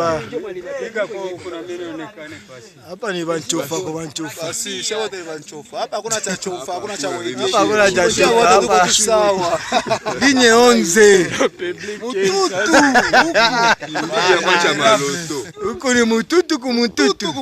banchufa hapa ni vanchofa kwa vanchofa ah, hapa hakuna cha chufa hakuna cha wenyeji hapa hakuna cha chufa hapa sawa vinye onze mututu huku ni mututu kumututu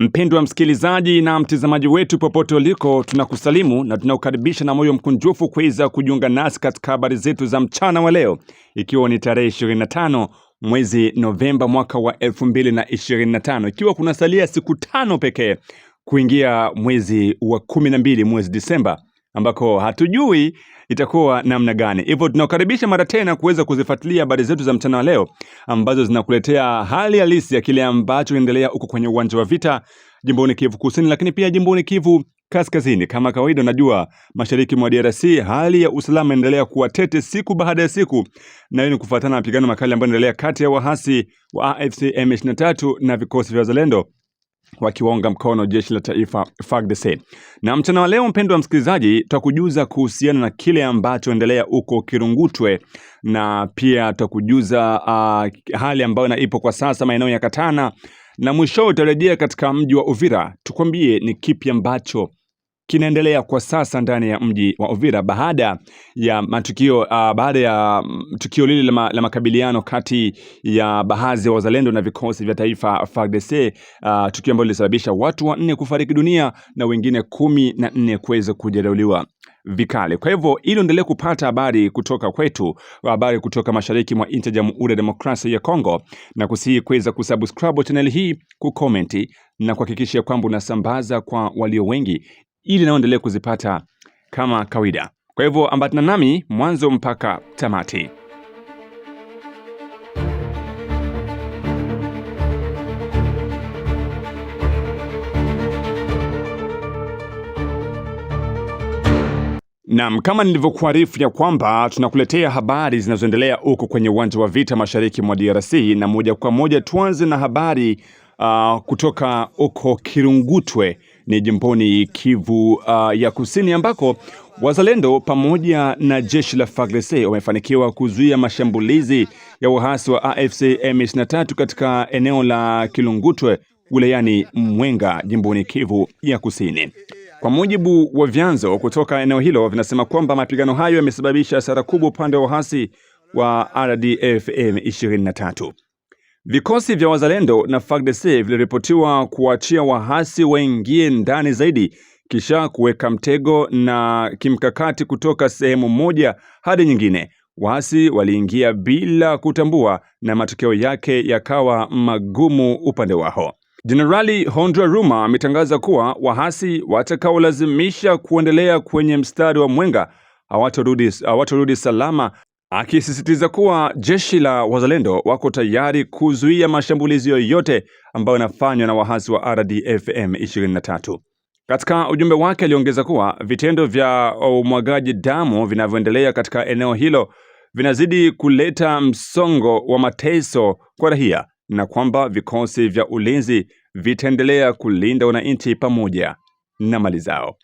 Mpendwa msikilizaji na mtazamaji wetu popote uliko, tunakusalimu na tunakukaribisha na moyo mkunjufu kuweza kujiunga nasi katika habari zetu za mchana wa leo, ikiwa ni tarehe 25 mwezi Novemba mwaka wa 2025 ikiwa kunasalia siku tano pekee kuingia mwezi wa kumi na mbili, mwezi Disemba ambako hatujui itakuwa namna gani. Hivyo tunakaribisha mara tena kuweza kuzifuatilia habari zetu za mchana wa leo ambazo zinakuletea hali halisi ya kile ambacho inaendelea huko kwenye uwanja wa vita jimboni Kivu Kusini, lakini pia jimboni Kivu kaskazini. Kama kawaida, unajua mashariki mwa DRC hali ya usalama inaendelea kuwa tete siku baada ya siku, na hiyo ni kufuatana na mapigano makali ambayo inaendelea kati ya waasi wa AFC M23 na vikosi vya wazalendo wakiwaunga mkono jeshi la taifa FARDC. Na mchana wa leo, mpendwa msikilizaji, tutakujuza kuhusiana na kile ambacho endelea huko Kirungutwe na pia tutakujuza uh, hali ambayo na ipo kwa sasa maeneo ya Katana na mwisho utarejea katika mji wa Uvira tukwambie ni kipi ambacho kinaendelea kwa sasa ndani ya mji wa Uvira baada ya matukio uh, baada ya mm, tukio lile la, la makabiliano kati ya baadhi ya wazalendo na vikosi vya taifa FARDC uh, tukio ambalo lilisababisha watu wanne kufariki dunia na wengine kumi na nne kuweza kujeruhiwa vikali. Kwa hivyo ili uendelee kupata habari kutoka kwetu, habari kutoka mashariki mwa nchi ya Jamhuri ya Demokrasia ya Kongo, na kusihi kuweza kusubscribe channel hii, kucomment na kuhakikisha kwamba unasambaza kwa walio wengi, ili naoendelea kuzipata kama kawaida. Kwa hivyo ambatana nami mwanzo mpaka tamati. Naam, kama nilivyokuarifu ya kwamba tunakuletea habari zinazoendelea huko kwenye uwanja wa vita mashariki mwa DRC, na moja kwa moja tuanze na habari uh, kutoka huko Kirungutwe ni jimboni Kivu uh, ya Kusini ambako wazalendo pamoja na jeshi la FARDC wamefanikiwa kuzuia mashambulizi ya waasi wa AFC M23 katika eneo la Kilungutwe wilayani Mwenga jimboni Kivu ya Kusini. Kwa mujibu wa vyanzo kutoka eneo hilo vinasema kwamba mapigano hayo yamesababisha hasara kubwa upande wa waasi wa RDF M23. Vikosi vya Wazalendo na FARDC viliripotiwa kuachia waasi waingie ndani zaidi kisha kuweka mtego na kimkakati kutoka sehemu moja hadi nyingine. Waasi waliingia bila kutambua na matokeo yake yakawa magumu upande wao. Jenerali Hondra Ruma ametangaza kuwa waasi watakaolazimisha kuendelea kwenye mstari wa mwenga hawatorudi salama akisisitiza kuwa jeshi la wazalendo wako tayari kuzuia mashambulizi yoyote ambayo yanafanywa na waasi wa RDF M23. Katika ujumbe wake aliongeza kuwa vitendo vya umwagaji damu vinavyoendelea katika eneo hilo vinazidi kuleta msongo wa mateso kwa raia na kwamba vikosi vya ulinzi vitaendelea kulinda wananchi pamoja na mali zao.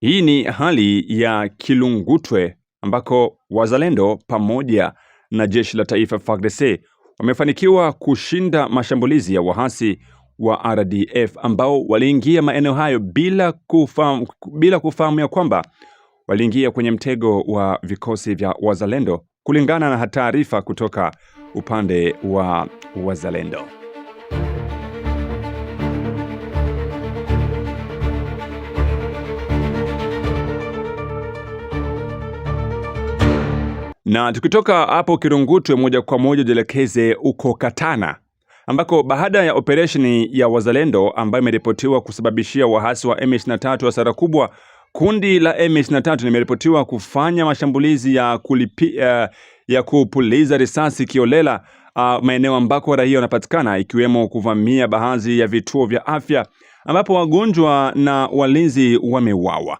Hii ni hali ya Kilungutwe ambako wazalendo pamoja na jeshi la taifa FARDC wamefanikiwa kushinda mashambulizi ya waasi wa RDF ambao waliingia maeneo hayo bila kufahamu, bila kufahamu ya kwamba waliingia kwenye mtego wa vikosi vya wazalendo kulingana na taarifa kutoka upande wa wazalendo. Na tukitoka hapo Kirungutwe moja kwa moja tuelekeze uko Katana ambako baada ya operesheni ya Wazalendo ambayo imeripotiwa kusababishia waasi wa M23 hasara kubwa, kundi la M23 limeripotiwa kufanya mashambulizi ya, kulipi, uh, ya kupuliza risasi kiolela uh, maeneo ambako raia wanapatikana ikiwemo kuvamia baadhi ya vituo vya afya ambapo wagonjwa na walinzi wameuawa.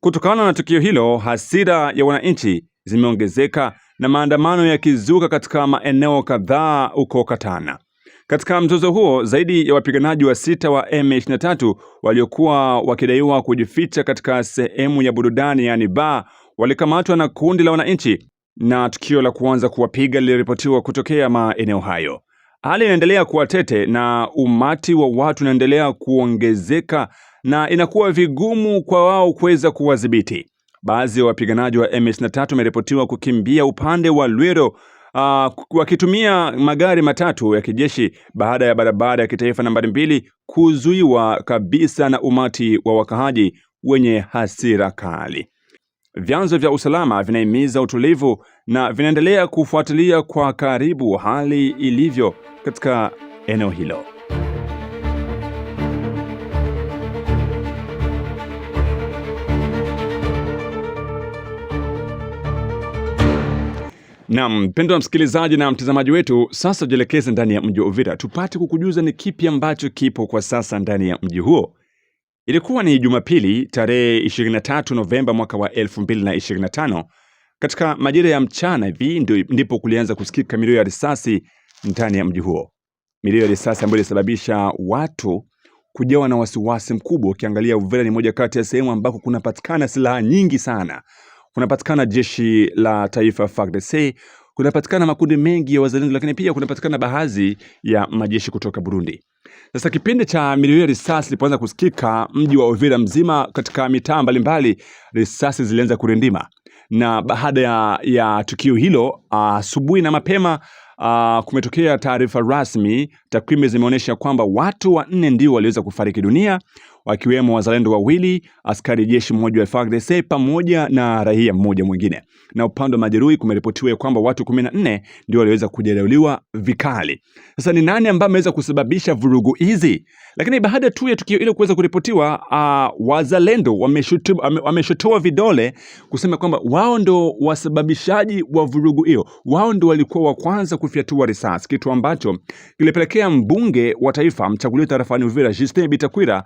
Kutokana na tukio hilo, hasira ya wananchi zimeongezeka na maandamano yakizuka katika maeneo kadhaa huko Katana. Katika mzozo huo, zaidi ya wapiganaji wa sita wa M23 waliokuwa wakidaiwa kujificha katika sehemu ya burudani yaani ba walikamatwa na kundi la wananchi na tukio la kuanza kuwapiga liliripotiwa kutokea maeneo hayo. Hali inaendelea kuwa tete na umati wa watu unaendelea kuongezeka na inakuwa vigumu kwa wao kuweza kuwadhibiti. Baadhi ya wapiganaji wa M23 wameripotiwa kukimbia upande wa Lwero Uh, ah, wakitumia magari matatu ya kijeshi baada ya barabara ya kitaifa nambari mbili kuzuiwa kabisa na umati wa wakahaji wenye hasira kali. Vyanzo vya usalama vinahimiza utulivu na vinaendelea kufuatilia kwa karibu hali ilivyo katika eneo hilo. Naam, mpendwa msikilizaji na mtazamaji wetu, sasa tujielekeze ndani ya mji wa Uvira tupate kukujuza ni kipi ambacho kipo kwa sasa ndani ya mji huo. Ilikuwa ni Jumapili tarehe 23 Novemba mwaka wa 2025. Katika majira ya mchana hivi ndipo kulianza kusikika milio ya risasi ndani ya mji huo, milio ya risasi ambayo ilisababisha watu kujawa na wasiwasi mkubwa. Ukiangalia Uvira ni moja kati ya sehemu ambako kunapatikana silaha nyingi sana kunapatikana jeshi la taifa FARDC, kunapatikana makundi mengi ya wazalendo, lakini pia kunapatikana baadhi ya majeshi kutoka Burundi. Sasa kipindi cha milio ya risasi ilipoanza kusikika mji wa Uvira mzima, katika mitaa mbalimbali risasi zilianza kurindima, na baada ya, ya tukio hilo asubuhi uh, na mapema uh, kumetokea taarifa rasmi. Takwimu zimeonyesha kwamba watu wanne ndio waliweza kufariki dunia wakiwemo wazalendo wawili, askari jeshi mmoja wa FARDC pamoja na raia mmoja mwingine. Na upande wa majeruhi kumeripotiwa kwamba watu 14 ndio waliweza kujeruhiwa vikali. Sasa ni nani ambaye ameweza kusababisha vurugu hizi? Lakini baada tu ya tukio hilo kuweza kuripotiwa, uh, wazalendo wameshutua vidole kusema kwamba wao ndo wasababishaji wa vurugu hiyo, wao ndo walikuwa wa kwanza kufyatua risasi, kitu ambacho kilipelekea mbunge wa taifa mchaguliwa tarafani Uvira Justin Bitakwira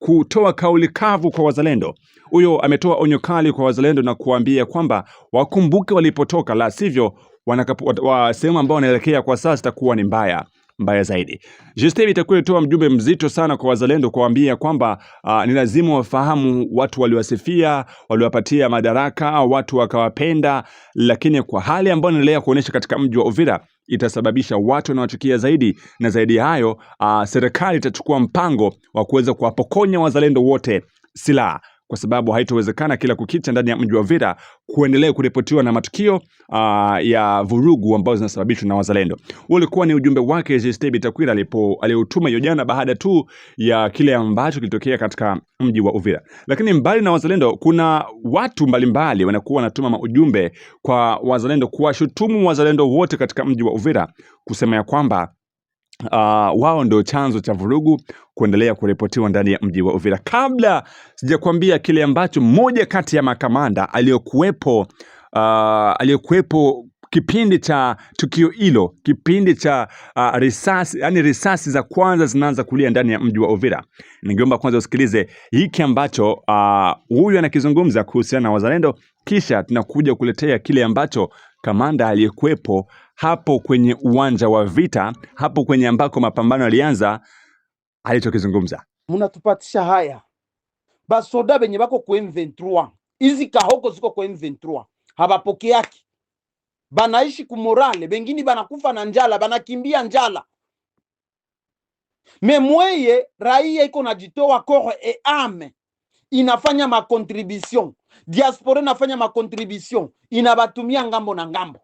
kutoa kauli kavu kwa wazalendo. Huyo ametoa onyo kali kwa wazalendo na kuambia kwamba wakumbuke walipotoka, la sivyo wa, sehemu ambao wanaelekea kwa sasa takuwa ni mbaya mbaya zaidi. Justin itakuwa itoa mjumbe mzito sana kwa wazalendo kuambia kwamba uh, ni lazima wafahamu watu waliwasifia, waliwapatia madaraka, watu wakawapenda, lakini kwa hali ambayo inaendelea kuonyesha katika mji wa Uvira itasababisha watu wanaochukia zaidi, na zaidi ya hayo uh, serikali itachukua mpango wa kuweza kuwapokonya wazalendo wote silaha kwa sababu haitowezekana kila kukicha ndani ya mji wa uvira kuendelea kuripotiwa na matukio uh, ya vurugu ambazo zinasababishwa na wazalendo. Ulikuwa ni ujumbe wake Justin Bitakwira alipo aliotuma hiyo jana baada tu ya kile ambacho kilitokea katika mji wa Uvira. Lakini mbali na wazalendo, kuna watu mbalimbali wanakuwa wanatuma ujumbe kwa wazalendo, kuwashutumu wazalendo wote katika mji wa Uvira kusema ya kwamba Uh, wao ndio chanzo cha vurugu kuendelea kuripotiwa ndani ya mji wa Uvira. Kabla sijakwambia kile ambacho mmoja kati ya makamanda aliyokuwepo uh, aliyokuwepo kipindi cha tukio hilo, kipindi cha uh, risasi, yani risasi za kwanza zinaanza kulia ndani ya mji wa Uvira, ningeomba kwanza usikilize hiki ambacho huyu uh, anakizungumza kuhusiana na wazalendo, kisha tunakuja kuletea kile ambacho kamanda aliyekuwepo hapo kwenye uwanja wa vita, hapo kwenye ambako mapambano yalianza, alichokizungumza munatupatisha haya basoda benye bako ku M23 izi kahoko ziko ku M23 habapokeaki, banaishi ku morale, banakufa na njala, banakimbia njala. Memweye raia iko najitoa corps et ame, inafanya makontribution, diaspora inafanya makontribution, inabatumia ngambo na ngambo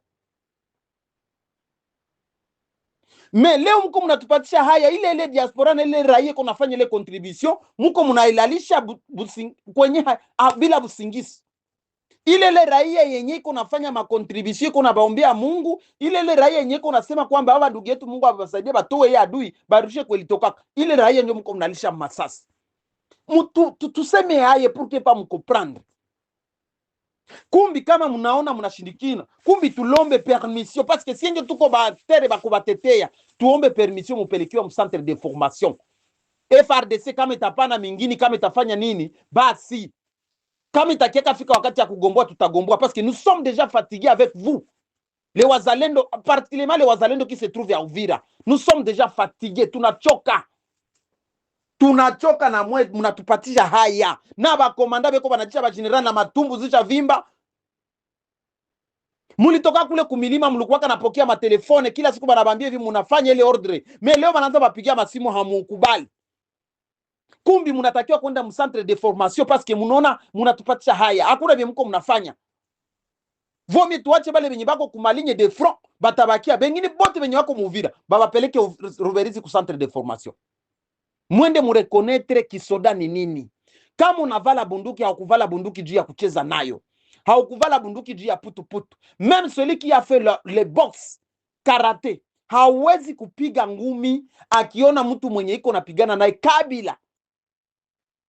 me leo mko mnatupatisha haya ile ile diaspora na ile raia iko nafanya ile contribution, mko mnailalisha kwenye ha, bila busingizi Ile ile raia yenye iko nafanya ma contribution iko nabaombea Mungu, ile ile raia yenye iko nasema kwamba baba ndugu yetu Mungu abasaidie batoe ya adui barushe kweli toka ile raia ndio mko mnalisha masasi. Mtu tuseme haya pour que pas mko prendre Kumbi kama munaona mnashindikina kumbi tulombe permission parce paske sienge tuko baaktere bakubatetea, tuombe permission mupelekiwa mu centre de formation FRDC. Kama itapana mingini, kama itafanya nini, basi kama itakieka fika wakati ya kugomboa, tutagomboa que nous sommes déjà fatigués avec vous les wazalendo, particulièrement les wazalendo qui se trouvent à Uvira. Nous sommes déjà fatigués, tunachoka tunachoka na mwe, mnatupatisha haya na bakomanda beko banajisha bajenerali na matumbu zisha vimba. Mulitoka kule kumilima, mlikuwaka napokea matelefone kila siku, banabambia hivi munafanya ile ordre me, leo banaanza bapigia masimu, hamukubali. Kumbi munatakiwa kwenda msantre de formation parce que munaona munatupatisha haya, hakuna vye mko mnafanya vomi. Tuache bale benye bako kumalinye de front, batabakia bengine bote benye wako muvira babapeleke Ruberizi ku centre de formation mwende murekonetre kisoda ni nini. Kama unavala bunduki, haukuvala bunduki juu ya kucheza nayo, haukuvala bunduki juu ya putuputu. Meme celui qui a fait le, le box karate hawezi kupiga ngumi akiona mtu mwenye iko napigana naye kabila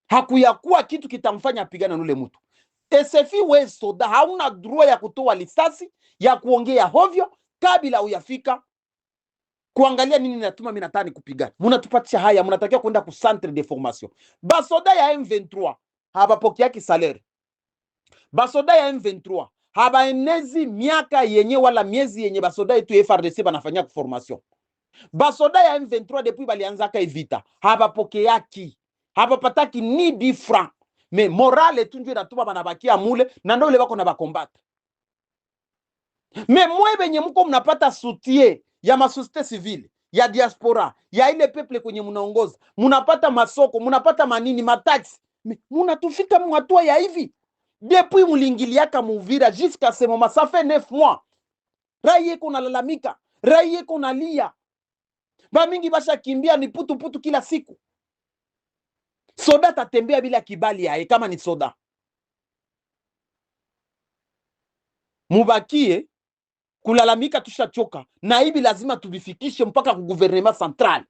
hakuyakuwa kitu kitamfanya apigana nule mtu. Esefi we soda, hauna droit ya kutoa lisasi ya kuongea hovyo kabila uyafika kuangalia nini natuma mimi nataka nikupigane. Mnatupatisha haya, mnatakiwa kwenda ku centre de formation. Basoda ya M23 habapokeaki salaire. Basoda ya M23 habaenezi miaka yenye wala miezi yenye basoda yetu FRDC banafanya ku formation. Basoda ya M23 depuis balianza ka vita, habapokeaki. Habapataki ni difra. Me morale tu ndio natuma banabakia mule na ndio ile bako na bakombata. Me mwe benye mko mnapata soutien ya masosite civile ya diaspora ya ile peple kwenye mnaongoza, mnapata masoko, mnapata manini, mataxi munatufika mwatua ya hivi depuis mlingiliaka Muvira jusqu'à ce moment ça fait neuf mois, rai yeko nalalamika, rai yeko nalia, basha kimbia ni putuputu putu kila siku. Soda tatembea bila kibali yaye, kama ni soda mubakie Kulalamika tushachoka, na hivi lazima tubifikishe mpaka ku gouvernement central,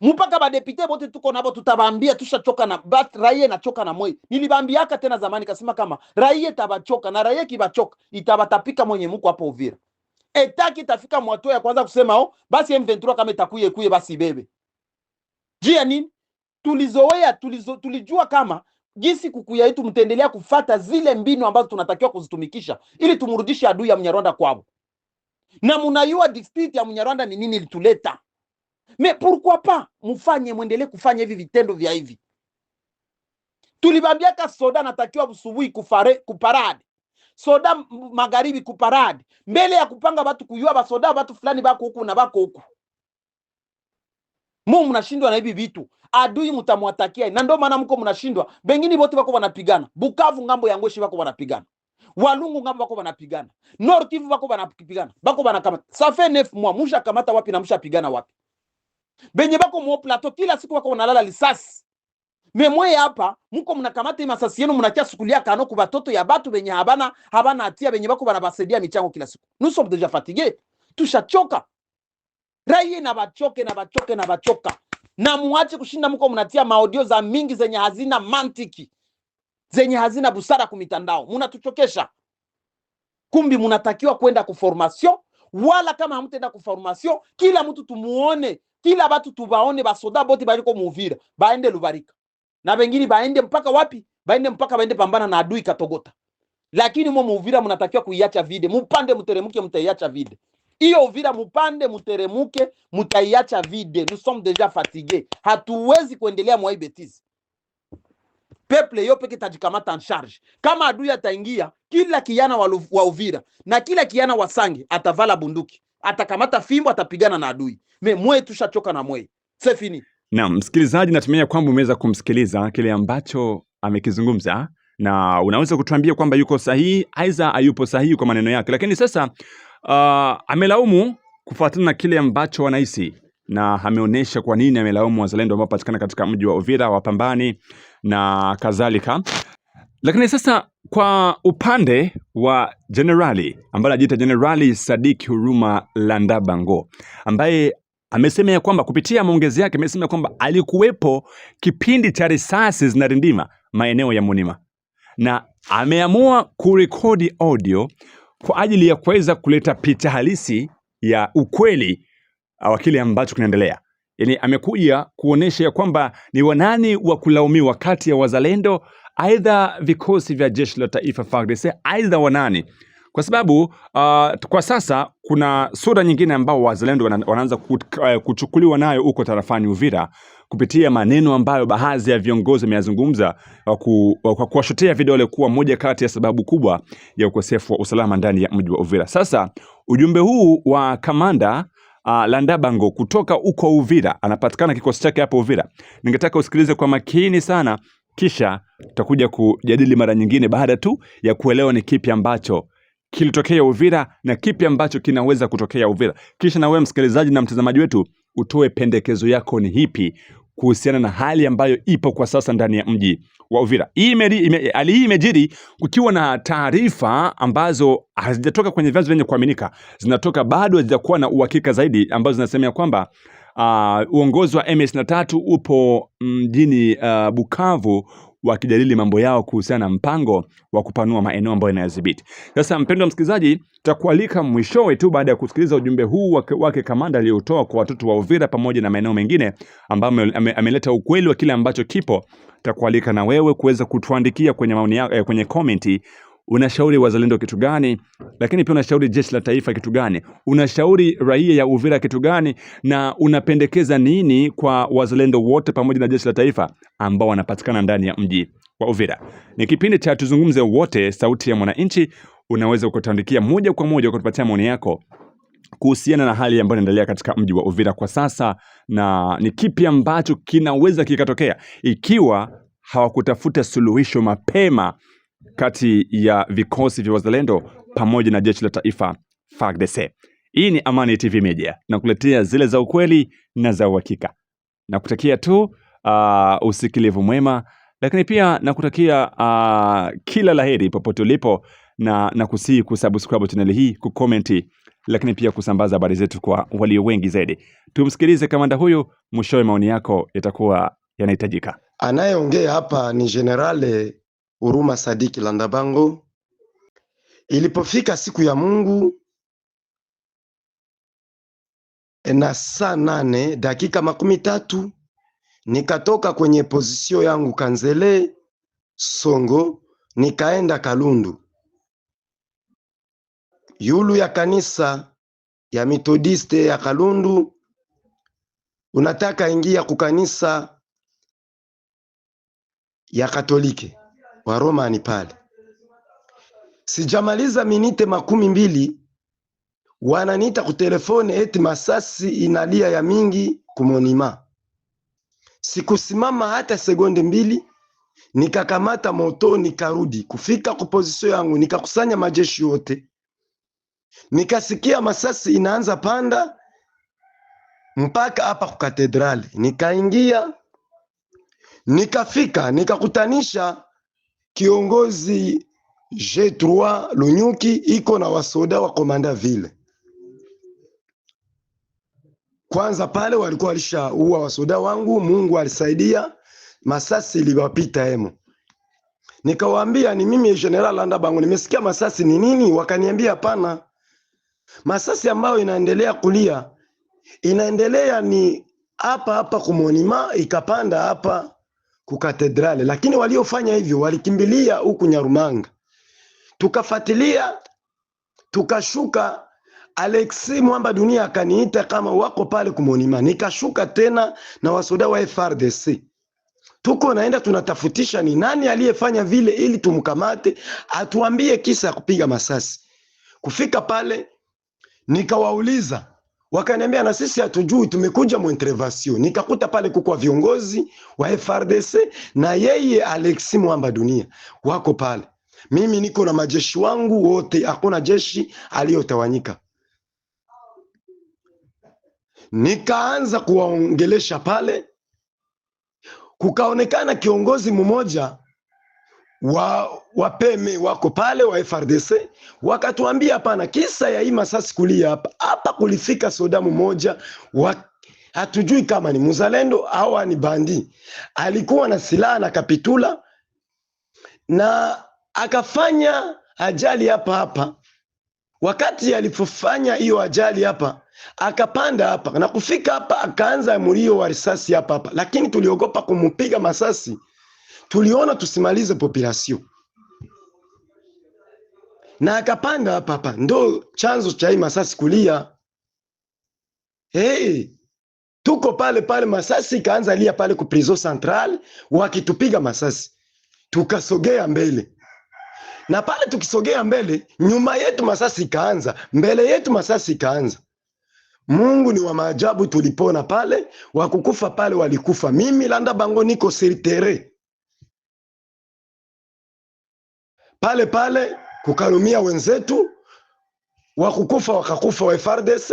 mpaka badepite bote tuko nabo tutabaambia tushachoka na bat raie na choka na mwe. Nilibambiaka tena zamani kasema kama raie tabachoka na raie kibachoka itabatapika mwenye muko hapo Uvira. Etaki tafika mwato ya kwanza kusema o oh, basi M23 kama itakuye kuye basi bebe. Jia nini? Tulizoea tulizo, tulijua kama jinsi kuku yetu, mtaendelea kufata zile mbinu ambazo tunatakiwa kuzitumikisha ili tumrudishe adui ya Mnyarwanda kwao, na munayua district ya Mnyarwanda ni nini ilituleta me pourquoi pas mufanye mwendelee kufanya hivi vitendo vya hivi. Tulibambiaka soda natakiwa busubuhi kufare kuparade soda magharibi kuparade mbele ya kupanga watu kuyua basoda batu fulani bako huku na bako huku, mu mnashindwa na hivi vitu adui mutamwatakia, na ndio maana mko mnashindwa. Bengine bote bako wanapigana, Bukavu ngambo ya Ngweshi bako wanapigana, Walungu ngambo bako wanapigana, Nord Kivu bako wanapigana, bako wanakamata safe nef mwa musha kamata wapi na musha pigana wapi? Benye bako mwa plateau kila siku bako wanalala lisasi memwe hapa mko mnakamata masasi yenu mnakia sukulia kano kwa watoto ya batu benye habana habana atia benye bako banabasaidia michango kila siku. Nous sommes déjà fatigués, tushachoka raia na bachoke na bachoke na bachoka na muache kushinda mko mnatia maaudio za mingi zenye hazina mantiki zenye hazina busara kumitandao, munatuchokesha. Kumbi munatakiwa kwenda kuformasyon, wala kama hamutaenda kuformasyon, kila mtu tumuone, kila batu tubaone, basoda boti baliko Muvira baende Lubarika na bengine baende mpaka wapi? Baende mpaka baende pambana na adui Katogota, lakini mwa Muvira munatakiwa kuiacha vide, mupande mteremke, mutaiacha vide hiyo Uvira mupande muteremuke, mutaiacha vide. Nous sommes déjà fatigués, hatuwezi kuendelea mwa betisi. Peple yo peke tajikamata en charge. Kama adui ataingia, kila kijana wa Uvira na kila kijana wa Sange atavala bunduki, atakamata fimbo, atapigana na adui. Me mwe tushachoka na mwe sefini. Na msikilizaji, natumia kwamba umeweza kumsikiliza kile ambacho amekizungumza na unaweza kutuambia kwamba yuko sahihi aidha ayupo sahihi kwa maneno yake, lakini sasa Uh, amelaumu kufuatana na kile ambacho wanahisi na ameonyesha kwa nini amelaumu wazalendo ambao patikana katika mji wa Uvira wapambani na kadhalika. Lakini sasa kwa upande wa jenerali ambaye anajiita Jenerali Sadiki Huruma Landabango ambaye amesema ya kwamba kupitia maongezi yake amesema ya kwamba alikuwepo kipindi cha risasi zinarindima maeneo ya Munima na ameamua kurekodi audio kwa ajili ya kuweza kuleta picha halisi ya ukweli wa kile ambacho kinaendelea. Yaani amekuja kuonesha ya kwamba ni wanani wa kulaumiwa kati ya wazalendo, aidha vikosi vya jeshi la taifa FARDC, aidha wanani kwa sababu uh, kwa sasa kuna sura nyingine ambao wazalendo wanaanza eh, kuchukuliwa nayo huko tarafani Uvira kupitia maneno ambayo baadhi ya viongozi wameyazungumza kwa kuwashotea vidole kuwa moja kati ya sababu kubwa ya ukosefu wa usalama ndani ya mji wa Uvira. Sasa ujumbe huu wa kamanda Uh, Landabango kutoka huko Uvira anapatikana kikosi chake hapo Uvira. Ningetaka usikilize kwa makini sana, kisha tutakuja kujadili mara nyingine baada tu ya kuelewa ni kipi ambacho kilitokea Uvira na kipi ambacho kinaweza kutokea Uvira. Kisha na wewe msikilizaji na mtazamaji wetu utoe pendekezo yako ni hipi kuhusiana na hali ambayo ipo kwa sasa ndani ya mji wa Uvira. Hii hali hii imejiri kukiwa na taarifa ambazo hazijatoka kwenye vyanzo vyenye kuaminika, zinatoka bado hazijakuwa na uhakika zaidi, ambazo zinasemea kwamba uh, uongozi wa M23 upo mm, mjini uh, Bukavu wakijadili mambo yao kuhusiana na mpango wa kupanua maeneo ambayo inayodhibiti. Sasa mpendwa msikilizaji, tutakualika mwishowe tu baada ya kusikiliza ujumbe huu wake, wake kamanda aliyotoa kwa watoto wa Uvira pamoja na maeneo mengine ambayo ameleta ukweli wa kile ambacho kipo. Tutakualika na wewe kuweza kutuandikia kwenye maoni yako, eh, kwenye komenti Unashauri wazalendo kitu gani? Lakini pia unashauri jeshi la taifa kitu gani? Unashauri raia ya Uvira kitu gani? Na unapendekeza nini kwa wazalendo wote pamoja na jeshi la taifa ambao wanapatikana ndani ya mji wa Uvira? Ni kipindi cha tuzungumze wote, sauti ya mwananchi. Unaweza kutuandikia moja kwa moja ukatupatia maoni yako kuhusiana na hali ambayo inaendelea katika mji wa Uvira kwa sasa, na ni kipi ambacho kinaweza kikatokea ikiwa hawakutafuta suluhisho mapema kati ya vikosi vya wazalendo pamoja na jeshi la taifa FARDC. Hii ni Amani TV Media na kuletea zile za ukweli na za uhakika, nakutakia tu uh, usikilivu mwema, lakini pia nakutakia uh, kila laheri popote ulipo, na nakusihi kusubscribe channel hii, kukomenti, lakini pia kusambaza habari zetu kwa walio wengi zaidi. Tumsikilize kamanda huyu, mwishowe maoni yako yatakuwa yanahitajika. Anayeongea hapa ni Generale Huruma Sadiki Landabango. Ilipofika siku ya Mungu na saa nane dakika makumi tatu nikatoka kwenye pozisio yangu Kanzele Songo, nikaenda Kalundu yulu ya kanisa ya metodiste ya Kalundu. Unataka ingia kukanisa ya Katolike Roma ni pale. Sijamaliza minite makumi mbili wananiita kutelefone eti masasi inalia ya mingi kumonima. Sikusimama hata sekunde mbili, nikakamata moto nikarudi kufika kupozisio yangu, nikakusanya majeshi yote, nikasikia masasi inaanza panda mpaka hapa kukatedrali, nikaingia nikafika nikakutanisha kiongozi G3 Lunyuki iko na wasoda wa komanda vile. Kwanza pale walikuwa uwa wasoda wangu, Mungu alisaidia, masasi iliwapita hemo. Nikawaambia ni mimi General Landa Bangu, nimesikia masasi ni nini? Wakaniambia hapana, masasi ambayo inaendelea kulia inaendelea ni hapa hapa kumonima, ikapanda hapa kukatedrale, lakini waliofanya hivyo walikimbilia huku Nyarumanga. Tukafatilia, tukashuka Alexi Mwamba Dunia akaniita kama wako pale kumonima, nikashuka tena na wasoda wa FRDC tuko naenda tunatafutisha ni nani aliyefanya vile, ili tumkamate atuambie kisa ya kupiga masasi. Kufika pale nikawauliza wakaniambia na sisi hatujui, tumekuja mwintervasio. Nikakuta pale kukwa viongozi wa FRDC na yeye Alexi Mwamba Dunia wako pale. Mimi niko na majeshi wangu wote, hakuna jeshi aliyotawanyika. Nikaanza kuwaongelesha pale, kukaonekana kiongozi mmoja wa wapeme wako pale wa FRDC wakatuambia, hapana, kisa ya hii masasi kulia hapa hapa kulifika sodamu moja wa, hatujui kama ni muzalendo au ni bandi, alikuwa na silaha na kapitula na akafanya ajali hapa hapa. Wakati alipofanya hiyo ajali hapa, akapanda hapa na kufika hapa, akaanza mlio wa risasi hapa hapa, lakini tuliogopa kumpiga masasi tuliona tusimalize population na akapanga hapa hapa, ndo chanzo cha hii Masasi kulia. Hey, tuko pale pale Masasi ikaanza lia pale ku prison central, wakitupiga Masasi tukasogea mbele, na pale tukisogea mbele, nyuma yetu Masasi ikaanza, mbele yetu Masasi ikaanza. Mungu ni wa maajabu, tulipona pale, wakukufa pale walikufa. Mimi landa bango niko siritere pale pale kukarumia wenzetu wakukufa wakakufa wa FARDC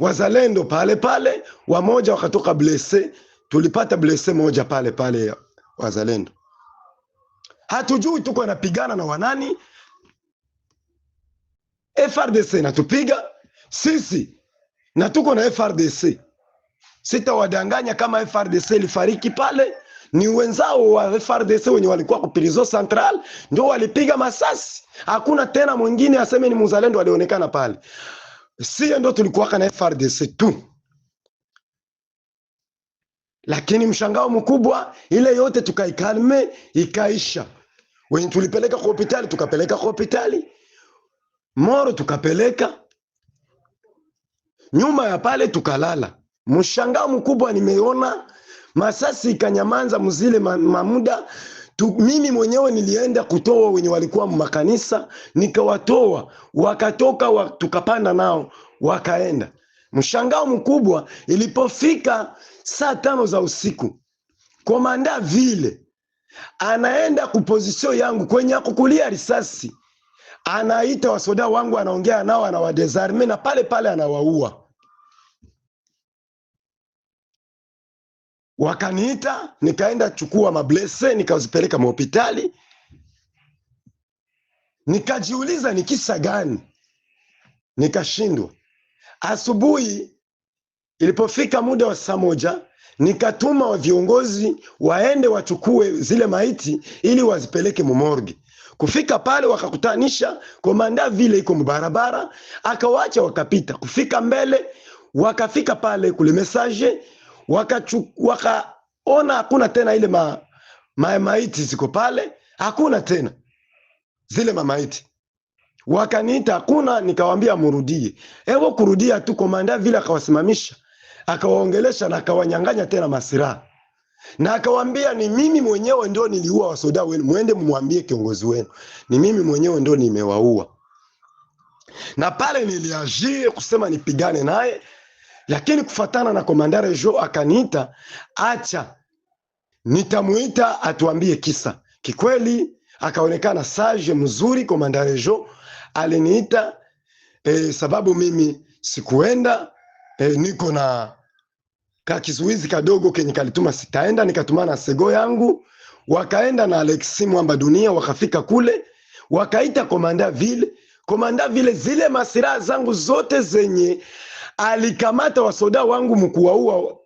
wazalendo pale pale wamoja wakatoka blese, tulipata blese moja pale pale wazalendo. Hatujui tuko napigana na wanani. FRDC natupiga sisi na tuko na FRDC. Sitawadanganya kama FRDC ilifariki pale ni wenzao wa FRDC wenye walikuwa kwa prison central ndio walipiga masasi. Hakuna tena mwingine aseme ni muzalendo alionekana pale, sie ndio tulikuwa na FRDC tu. Lakini mshangao mkubwa, ile yote tukaikalme ikaisha. Wenye tulipeleka kwa hospitali tukapeleka kwa hospitali Moro, tukapeleka nyuma ya pale tukalala. Mshangao mkubwa nimeona Masasi ikanyamanza mzile mamuda tu, mimi mwenyewe nilienda kutoa wenye walikuwa makanisa, nikawatoa wakatoka wa, tukapanda nao wakaenda. Mshangao mkubwa ilipofika saa tano za usiku, komanda vile anaenda kupozisio yangu kwenye akukulia risasi, anaita wasoda wangu, anaongea nao, anawadesarme na pale pale anawaua. wakaniita nikaenda chukua mablese nikazipeleka mahospitali nikajiuliza ni kisa gani nikashindwa asubuhi ilipofika muda wa saa moja nikatuma wa viongozi waende wachukue zile maiti ili wazipeleke mumorgi kufika pale wakakutanisha komanda vile iko mbarabara akawacha wakapita kufika mbele wakafika pale kule mesaje wakaona hakuna tena ile ma, ma, maiti ziko pale, hakuna tena zile mamaiti. Wakaniita hakuna, nikawambia murudie. Ewo kurudia tu, komanda vile akawasimamisha, akawaongelesha na akawanyang'anya tena masiraha na akawambia ni mimi mwenyewe ndo niliua wasoda wenu, mwende mumwambie kiongozi wenu, ni mimi mwenyewe ndo nimewaua. Na pale niliajie kusema nipigane naye, lakini kufatana na komandare Jo akaniita, acha nitamuita atuambie kisa kikweli. Akaonekana sage mzuri, komandare Jo aliniita e, sababu mimi sikuenda e, niko na kakizuizi kadogo kenye kalituma sitaenda, nikatumana sego yangu, wakaenda na Alexi Mwamba Dunia, wakafika kule wakaita komanda vile komanda vile, zile masiraha zangu zote zenye alikamata wasoda wangu mkuwaua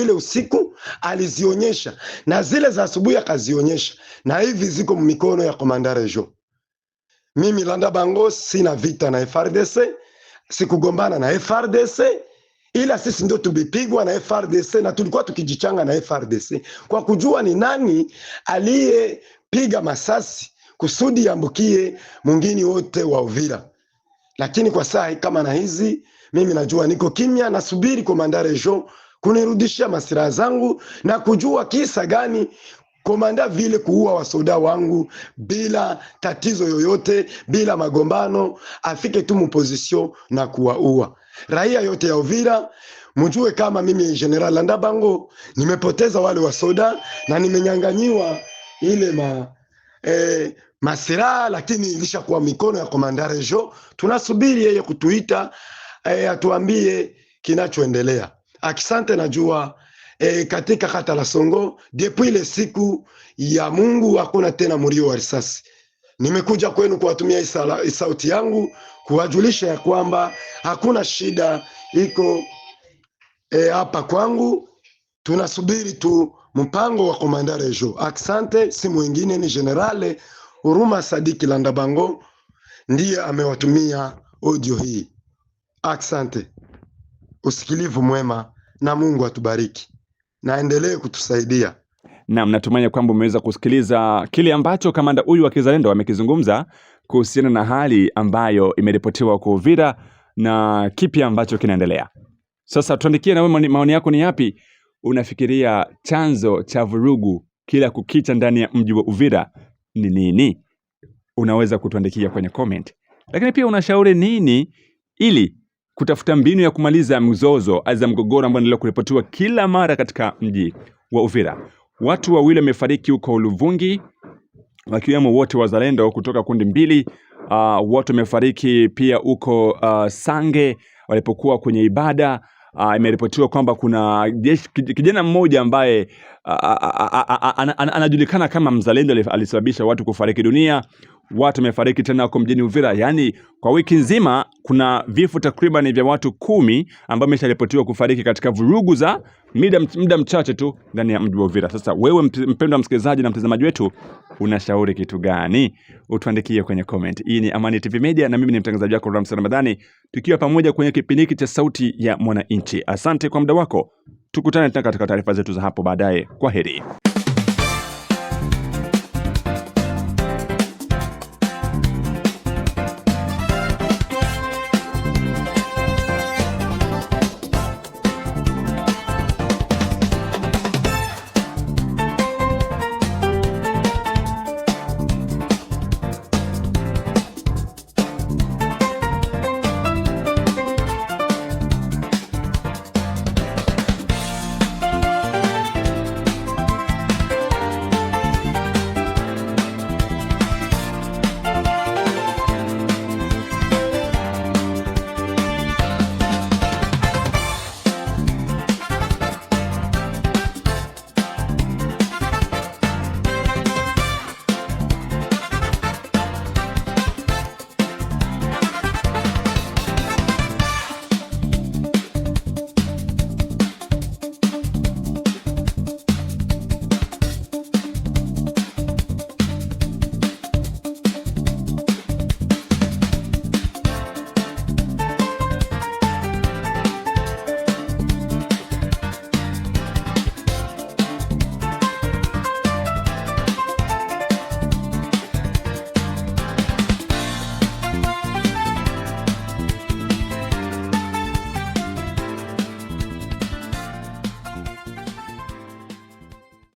ile usiku, alizionyesha na zile za asubuhi akazionyesha, na hivi ziko mikono ya komanda Rejo. Mimi Landa Bango sina vita na FRDC, sikugombana na FRDC ila sisi ndio tulipigwa na FRDC na tulikuwa tukijichanga na FRDC kwa kujua ni nani aliyepiga masasi kusudi yambukie mwingine wote wa Uvira. Lakini kwa saa kama na hizi mimi najua niko kimya, nasubiri komanda Rejon kunirudishia masiraha zangu na kujua kisa gani komanda vile kuua wasoda wangu bila tatizo yoyote, bila magombano, afike tu mposition na kuwaua raia yote ya Uvira. Mjue kama mimi General Landabango nimepoteza wale wasoda na nimenyanganyiwa ile ma, eh, masiraha, lakini ilishakuwa mikono ya komanda Rejo. Tunasubiri yeye kutuita eh, atuambie kinachoendelea. Akisante, najua eh, katika kata la Songo depuis le siku ya Mungu hakuna tena mlio wa risasi. Nimekuja kwenu kuwatumia sauti yangu kuwajulisha ya kwamba hakuna shida iko eh, hapa kwangu. Tunasubiri tu mpango wa komanda rejo. Aksante, si mwingine ni Generale Huruma Sadiki Landabango ndiye amewatumia audio hii. Asante, usikilivu mwema, na Mungu atubariki naendelee kutusaidia. Naam, natumaini kwamba umeweza kusikiliza kile ambacho kamanda huyu wa kizalendo amekizungumza kuhusiana na hali ambayo imeripotiwa kwa Uvira na kipi ambacho kinaendelea sasa. Tuandikie na wewe maoni yako ni yapi, unafikiria chanzo cha vurugu kila kukicha ndani ya mji wa Uvira ni nini? Unaweza kutuandikia kwenye comment, lakini pia unashauri nini ili kutafuta mbinu ya kumaliza mzozo za mgogoro ambao endelea kuripotiwa kila mara katika mji wa Uvira. Watu wawili wamefariki huko Luvungi, wakiwemo wote wazalendo kutoka kundi mbili. Uh, ah, watu wamefariki pia huko uh, Sange walipokuwa kwenye ibada. Uh, imeripotiwa kwamba kuna kijana mmoja ambaye uh, uh, uh, uh, uh, anajulikana kama mzalendo alisababisha watu kufariki dunia watu wamefariki tena huko mjini Uvira. Yaani kwa wiki nzima kuna vifo takriban vya watu kumi ambao imesharipotiwa kufariki katika vurugu za muda muda mchache tu ndani ya mji wa Uvira. Sasa wewe mpendwa msikilizaji na mtazamaji wetu, unashauri kitu gani? Utuandikie kwenye comment. Hii ni Amani TV Media na mimi ni mtangazaji wako Ramsi Ramadhani, tukiwa pamoja kwenye kipindi hiki cha Sauti ya Mwananchi. Asante kwa muda wako, tukutane tena katika taarifa zetu za hapo baadaye. Kwa heri.